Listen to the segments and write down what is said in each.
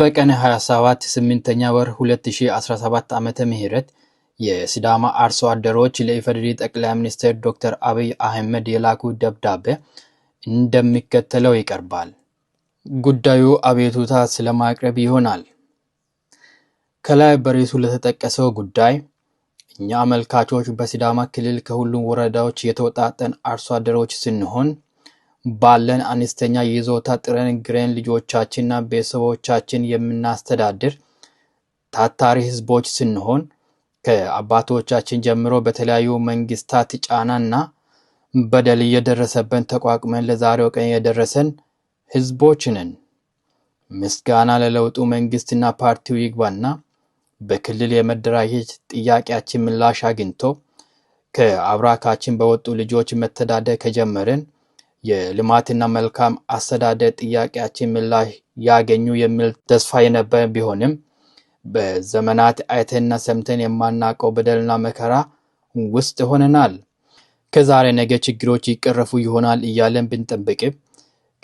በቀን 27 8ኛ ወር 2017 ዓ ምህረት የሲዳማ አርሶ አደሮች ለኢፌዴሪ ጠቅላይ ሚኒስትር ዶክተር አብይ አህመድ የላኩ ደብዳቤ እንደሚከተለው ይቀርባል። ጉዳዩ አቤቱታ ስለማቅረብ ይሆናል። ከላይ በርዕሱ ለተጠቀሰው ጉዳይ እኛ አመልካቾች በሲዳማ ክልል ከሁሉም ወረዳዎች የተወጣጠን አርሶ አደሮች ስንሆን ባለን አነስተኛ የይዞታ ጥረን ግረን ልጆቻችንና ቤተሰቦቻችን የምናስተዳድር ታታሪ ህዝቦች ስንሆን ከአባቶቻችን ጀምሮ በተለያዩ መንግስታት ጫናና በደል እየደረሰብን ተቋቁመን ለዛሬው ቀን የደረሰን ህዝቦች ነን። ምስጋና ለለውጡ መንግስትና ፓርቲው ይግባና በክልል የመደራጀት ጥያቄያችን ምላሽ አግኝቶ ከአብራካችን በወጡ ልጆች መተዳደር ከጀመርን የልማትና መልካም አስተዳደር ጥያቄያችን ምላሽ ያገኙ የሚል ተስፋ የነበረ ቢሆንም በዘመናት አይተንና ሰምተን የማናውቀው በደልና መከራ ውስጥ ሆነናል። ከዛሬ ነገ ችግሮች ይቀረፉ ይሆናል እያለን ብንጠብቅም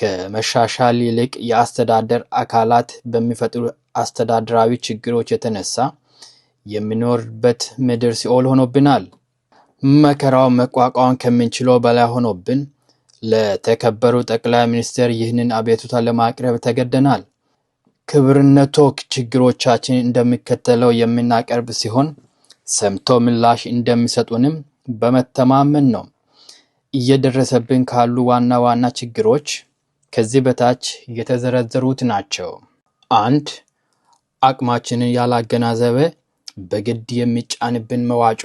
ከመሻሻል ይልቅ የአስተዳደር አካላት በሚፈጥሩ አስተዳደራዊ ችግሮች የተነሳ የሚኖርበት ምድር ሲኦል ሆኖብናል። መከራው መቋቋም ከምንችለው በላይ ሆኖብን ለተከበሩ ጠቅላይ ሚኒስትር ይህንን አቤቱታ ለማቅረብ ተገደናል። ክብርነቶ ችግሮቻችን እንደሚከተለው የምናቀርብ ሲሆን ሰምቶ ምላሽ እንደሚሰጡንም በመተማመን ነው። እየደረሰብን ካሉ ዋና ዋና ችግሮች ከዚህ በታች የተዘረዘሩት ናቸው። አንድ አቅማችንን ያላገናዘበ በግድ የሚጫንብን መዋጮ።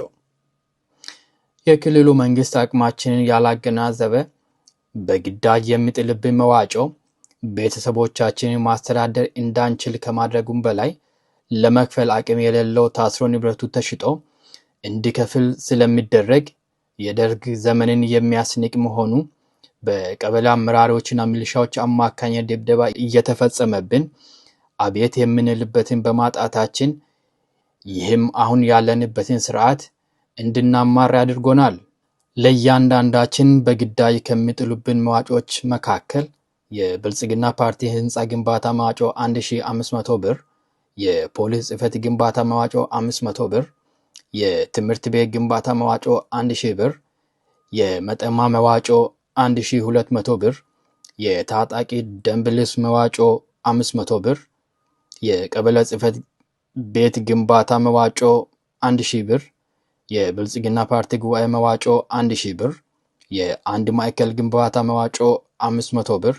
የክልሉ መንግስት አቅማችንን ያላገናዘበ በግዳጅ የሚጥልብን መዋጮ ቤተሰቦቻችንን ማስተዳደር እንዳንችል ከማድረጉም በላይ ለመክፈል አቅም የሌለው ታስሮ ንብረቱ ተሽጦ እንዲከፍል ስለሚደረግ የደርግ ዘመንን የሚያስንቅ መሆኑ በቀበሌ አመራሪዎችና ሚሊሻዎች አማካኝነት ድብደባ እየተፈጸመብን አቤት የምንልበትን በማጣታችን ይህም አሁን ያለንበትን ስርዓት እንድናማር አድርጎናል። ለእያንዳንዳችን በግዳይ ከሚጥሉብን መዋጮዎች መካከል የብልጽግና ፓርቲ ህንፃ ግንባታ መዋጮ 1500 ብር፣ የፖሊስ ጽህፈት ግንባታ መዋጮ 500 ብር፣ የትምህርት ቤት ግንባታ መዋጮ 1000 ብር፣ የመጠማ መዋጮ 1200 ብር፣ የታጣቂ ደንብ ልብስ መዋጮ 500 ብር፣ የቀበሌ ጽህፈት ቤት ግንባታ መዋጮ 1000 ብር የብልጽግና ፓርቲ ጉባኤ መዋጮ 1000 ሺህ ብር፣ የአንድ ማዕከል ግንባታ መዋጮ 500 ብር፣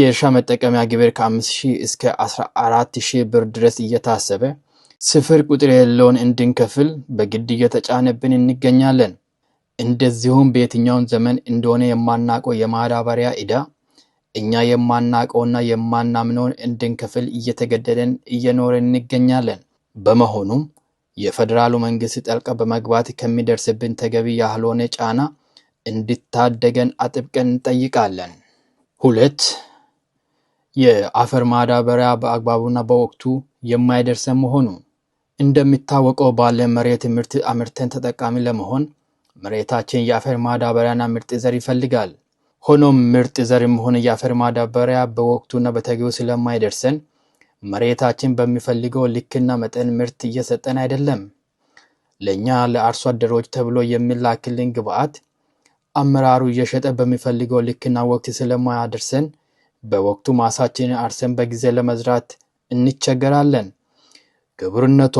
የእርሻ መጠቀሚያ ግብር ከ5000 እስከ 14000 ብር ድረስ እየታሰበ ስፍር ቁጥር የሌለውን እንድንከፍል በግድ እየተጫነብን እንገኛለን። እንደዚሁም በየትኛውን ዘመን እንደሆነ የማናቀው የማዳበሪያ ዕዳ እኛ የማናቀውና የማናምነውን እንድንከፍል እየተገደደን እየኖረን እንገኛለን። በመሆኑም የፌዴራሉ መንግስት ጠልቀ በመግባት ከሚደርስብን ተገቢ ያልሆነ ጫና እንድታደገን አጥብቀን እንጠይቃለን። ሁለት የአፈር ማዳበሪያ በአግባቡና በወቅቱ የማይደርሰን መሆኑ እንደሚታወቀው ባለ መሬት ምርት አምርተን ተጠቃሚ ለመሆን መሬታችን የአፈር ማዳበሪያና ምርጥ ዘር ይፈልጋል። ሆኖም ምርጥ ዘር መሆን የአፈር ማዳበሪያ በወቅቱና በተገቢው ስለማይደርሰን መሬታችን በሚፈልገው ልክና መጠን ምርት እየሰጠን አይደለም። ለእኛ ለአርሶ አደሮች ተብሎ የሚላክልን ግብዓት አመራሩ እየሸጠ በሚፈልገው ልክና ወቅት ስለማያደርሰን በወቅቱ ማሳችን አርሰን በጊዜ ለመዝራት እንቸገራለን። ግብርነቶ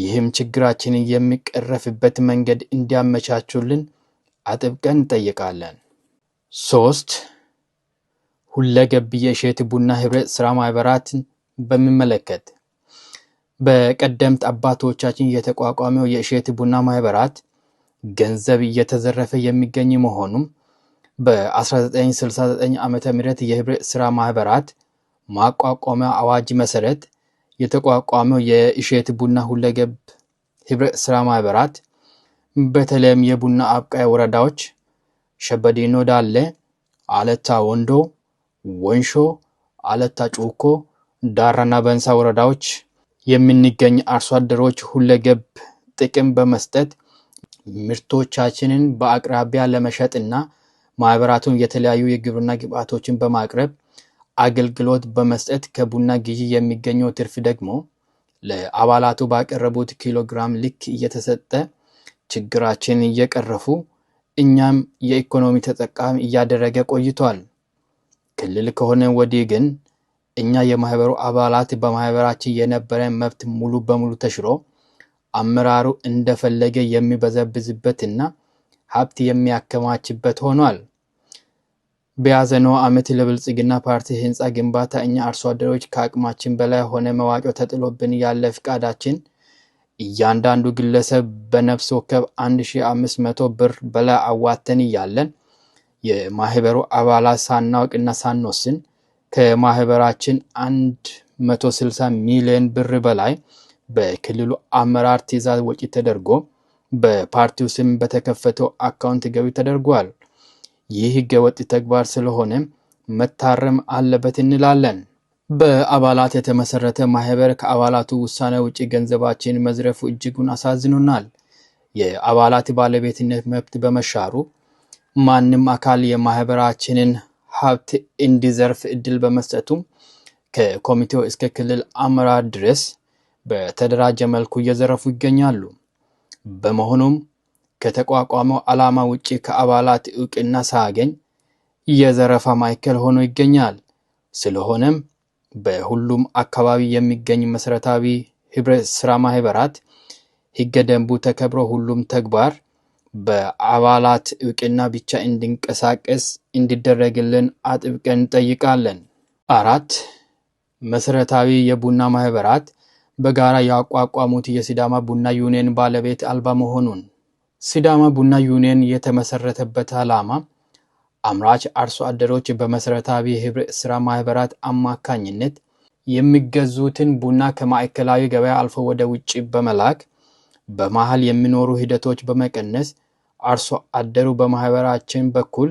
ይህም ችግራችንን የሚቀረፍበት መንገድ እንዲያመቻቹልን አጥብቀን እንጠይቃለን። ሶስት ሁለገብ የእሸት ቡና ህብረት ስራ ማህበራትን በሚመለከት በቀደምት አባቶቻችን የተቋቋመው የእሸት ቡና ማህበራት ገንዘብ እየተዘረፈ የሚገኝ መሆኑም በ1969 ዓ ም የህብረት ስራ ማህበራት ማቋቋሚያ አዋጅ መሰረት የተቋቋመው የእሸት ቡና ሁለገብ ህብረት ስራ ማህበራት በተለይም የቡና አብቃይ ወረዳዎች ሸበዴኖ ዳለ፣ አለታ ወንዶ፣ ወንሾ፣ አለታ ጩኮ ዳራና በንሳ ወረዳዎች የምንገኝ አርሶ አደሮች ሁለገብ ጥቅም በመስጠት ምርቶቻችንን በአቅራቢያ ለመሸጥ እና ማህበራቱን የተለያዩ የግብርና ግብዓቶችን በማቅረብ አገልግሎት በመስጠት ከቡና ግዢ የሚገኘው ትርፍ ደግሞ ለአባላቱ ባቀረቡት ኪሎግራም ልክ እየተሰጠ ችግራችንን እየቀረፉ እኛም የኢኮኖሚ ተጠቃሚ እያደረገ ቆይቷል። ክልል ከሆነ ወዲህ ግን እኛ የማህበሩ አባላት በማህበራችን የነበረ መብት ሙሉ በሙሉ ተሽሮ አመራሩ እንደፈለገ የሚበዘብዝበትና ሀብት የሚያከማችበት ሆኗል። በያዘነው ዓመት ለብልጽግና ፓርቲ ህንፃ ግንባታ እኛ አርሶ አደሮች ከአቅማችን በላይ ሆነ መዋቂ ተጥሎብን ያለ ፍቃዳችን እያንዳንዱ ግለሰብ በነፍስ ወከብ 1500 ብር በላይ አዋተን እያለን የማህበሩ አባላት ሳናውቅና ሳንወስን ከማህበራችን 160 ሚሊዮን ብር በላይ በክልሉ አመራር ትዕዛዝ ወጪ ተደርጎ በፓርቲው ስም በተከፈተው አካውንት ገቢ ተደርጓል። ይህ ህገወጥ ተግባር ስለሆነ መታረም አለበት እንላለን። በአባላት የተመሰረተ ማህበር ከአባላቱ ውሳኔ ውጪ ገንዘባችን መዝረፉ እጅጉን አሳዝኖናል። የአባላት ባለቤትነት መብት በመሻሩ ማንም አካል የማህበራችንን ሀብት እንዲዘርፍ እድል በመስጠቱ ከኮሚቴው እስከ ክልል አመራር ድረስ በተደራጀ መልኩ እየዘረፉ ይገኛሉ። በመሆኑም ከተቋቋመው ዓላማ ውጪ ከአባላት እውቅና ሳያገኝ የዘረፋ ማዕከል ሆኖ ይገኛል። ስለሆነም በሁሉም አካባቢ የሚገኝ መሰረታዊ ህብረት ስራ ማህበራት ህገ ደንቡ ተከብሮ ሁሉም ተግባር በአባላት እውቅና ብቻ እንዲንቀሳቀስ እንዲደረግልን አጥብቀን እንጠይቃለን። አራት መሰረታዊ የቡና ማህበራት በጋራ ያቋቋሙት የሲዳማ ቡና ዩኒየን ባለቤት አልባ መሆኑን ሲዳማ ቡና ዩኒየን የተመሰረተበት ዓላማ አምራች አርሶ አደሮች በመሰረታዊ ህብረት ስራ ማህበራት አማካኝነት የሚገዙትን ቡና ከማዕከላዊ ገበያ አልፎ ወደ ውጭ በመላክ በመሃል የሚኖሩ ሂደቶች በመቀነስ አርሶ አደሩ በማህበራችን በኩል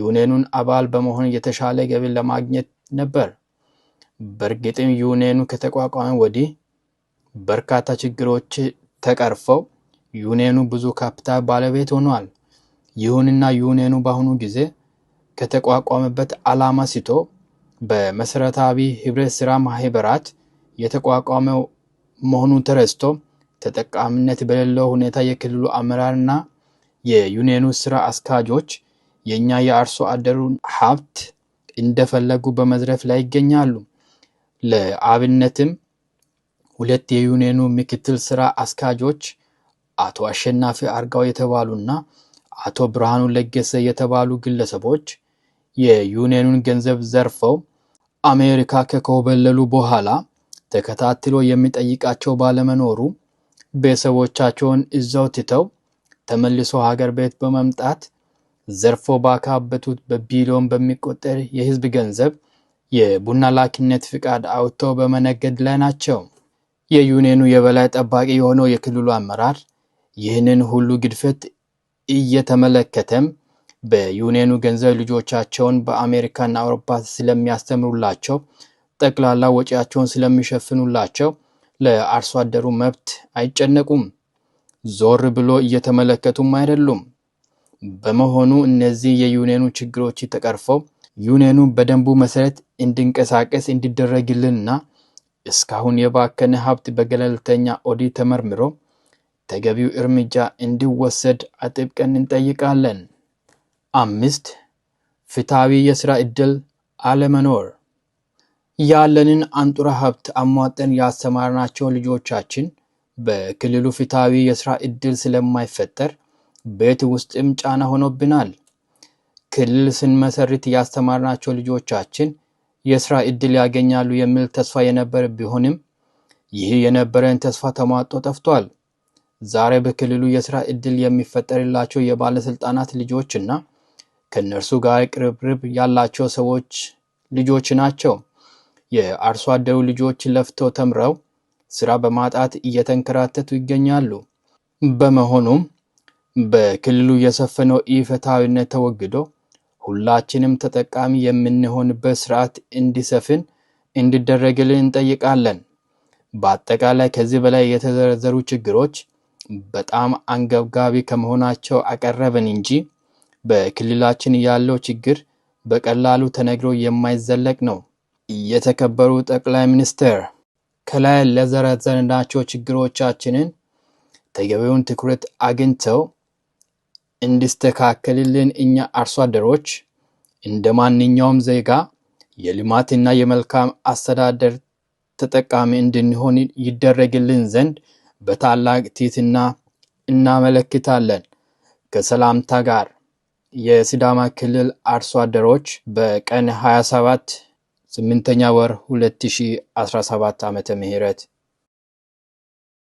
ዩኔኑን አባል በመሆን የተሻለ ገቢ ለማግኘት ነበር። በእርግጥም ዩኔኑ ከተቋቋመ ወዲህ በርካታ ችግሮች ተቀርፈው ዩኔኑ ብዙ ካፒታል ባለቤት ሆኗል። ይሁንና ዩኔኑ በአሁኑ ጊዜ ከተቋቋመበት ዓላማ ሲቶ በመሰረታዊ ህብረት ስራ ማህበራት የተቋቋመ መሆኑን ተረስቶ ተጠቃሚነት በሌለው ሁኔታ የክልሉ አመራርና የዩኒየኑ ስራ አስካጆች የእኛ የአርሶ አደሩን ሀብት እንደፈለጉ በመዝረፍ ላይ ይገኛሉ። ለአብነትም ሁለት የዩኒየኑ ምክትል ስራ አስካጆች አቶ አሸናፊ አርጋው የተባሉና አቶ ብርሃኑ ለገሰ የተባሉ ግለሰቦች የዩኒየኑን ገንዘብ ዘርፈው አሜሪካ ከኮበለሉ በኋላ ተከታትሎ የሚጠይቃቸው ባለመኖሩ ቤተሰቦቻቸውን እዛው ትተው ተመልሶ ሀገር ቤት በመምጣት ዘርፎ ባካበቱት በቢሊዮን በሚቆጠር የህዝብ ገንዘብ የቡና ላኪነት ፍቃድ አውጥተው በመነገድ ላይ ናቸው። የዩኔኑ የበላይ ጠባቂ የሆነው የክልሉ አመራር ይህንን ሁሉ ግድፈት እየተመለከተም በዩኔኑ ገንዘብ ልጆቻቸውን በአሜሪካና አውሮፓ ስለሚያስተምሩላቸው፣ ጠቅላላ ወጪያቸውን ስለሚሸፍኑላቸው ለአርሶ አደሩ መብት አይጨነቁም። ዞር ብሎ እየተመለከቱም አይደሉም። በመሆኑ እነዚህ የዩኔኑ ችግሮች ተቀርፈው ዩኔኑ በደንቡ መሰረት እንዲንቀሳቀስ እንዲደረግልንና እስካሁን የባከነ ሀብት በገለልተኛ ኦዲት ተመርምሮ ተገቢው እርምጃ እንዲወሰድ አጥብቀን እንጠይቃለን። አምስት ፍትሐዊ የሥራ ዕድል አለመኖር። ያለንን አንጡራ ሀብት አሟጠን ያሰማርናቸው ልጆቻችን በክልሉ ፍትሐዊ የስራ እድል ስለማይፈጠር ቤት ውስጥም ጫና ሆኖብናል። ክልል ስንመሰርት ያስተማርናቸው ልጆቻችን የስራ እድል ያገኛሉ የሚል ተስፋ የነበረ ቢሆንም ይህ የነበረን ተስፋ ተሟጦ ጠፍቷል። ዛሬ በክልሉ የስራ እድል የሚፈጠርላቸው የባለስልጣናት ልጆችና ከእነርሱ ጋር ቅርብርብ ያላቸው ሰዎች ልጆች ናቸው። የአርሶ አደሩ ልጆች ለፍተው ተምረው ስራ በማጣት እየተንከራተቱ ይገኛሉ። በመሆኑም በክልሉ የሰፈነው ኢፍትሐዊነት ተወግዶ ሁላችንም ተጠቃሚ የምንሆንበት ስርዓት እንዲሰፍን እንዲደረግልን እንጠይቃለን። በአጠቃላይ ከዚህ በላይ የተዘረዘሩ ችግሮች በጣም አንገብጋቢ ከመሆናቸው አቀረብን እንጂ በክልላችን ያለው ችግር በቀላሉ ተነግሮ የማይዘለቅ ነው። የተከበሩ ጠቅላይ ሚኒስትር ከላይ ለዘረዘርናቸው ችግሮቻችንን ተገቢውን ትኩረት አግኝተው እንዲስተካከልልን እኛ አርሶ አደሮች እንደ ማንኛውም ዜጋ የልማትና የመልካም አስተዳደር ተጠቃሚ እንድንሆን ይደረግልን ዘንድ በታላቅ ትህትና እናመለክታለን። ከሰላምታ ጋር የሲዳማ ክልል አርሶ አደሮች በቀን 27 ስምንተኛ ወር 2017 ዓመተ ምህረት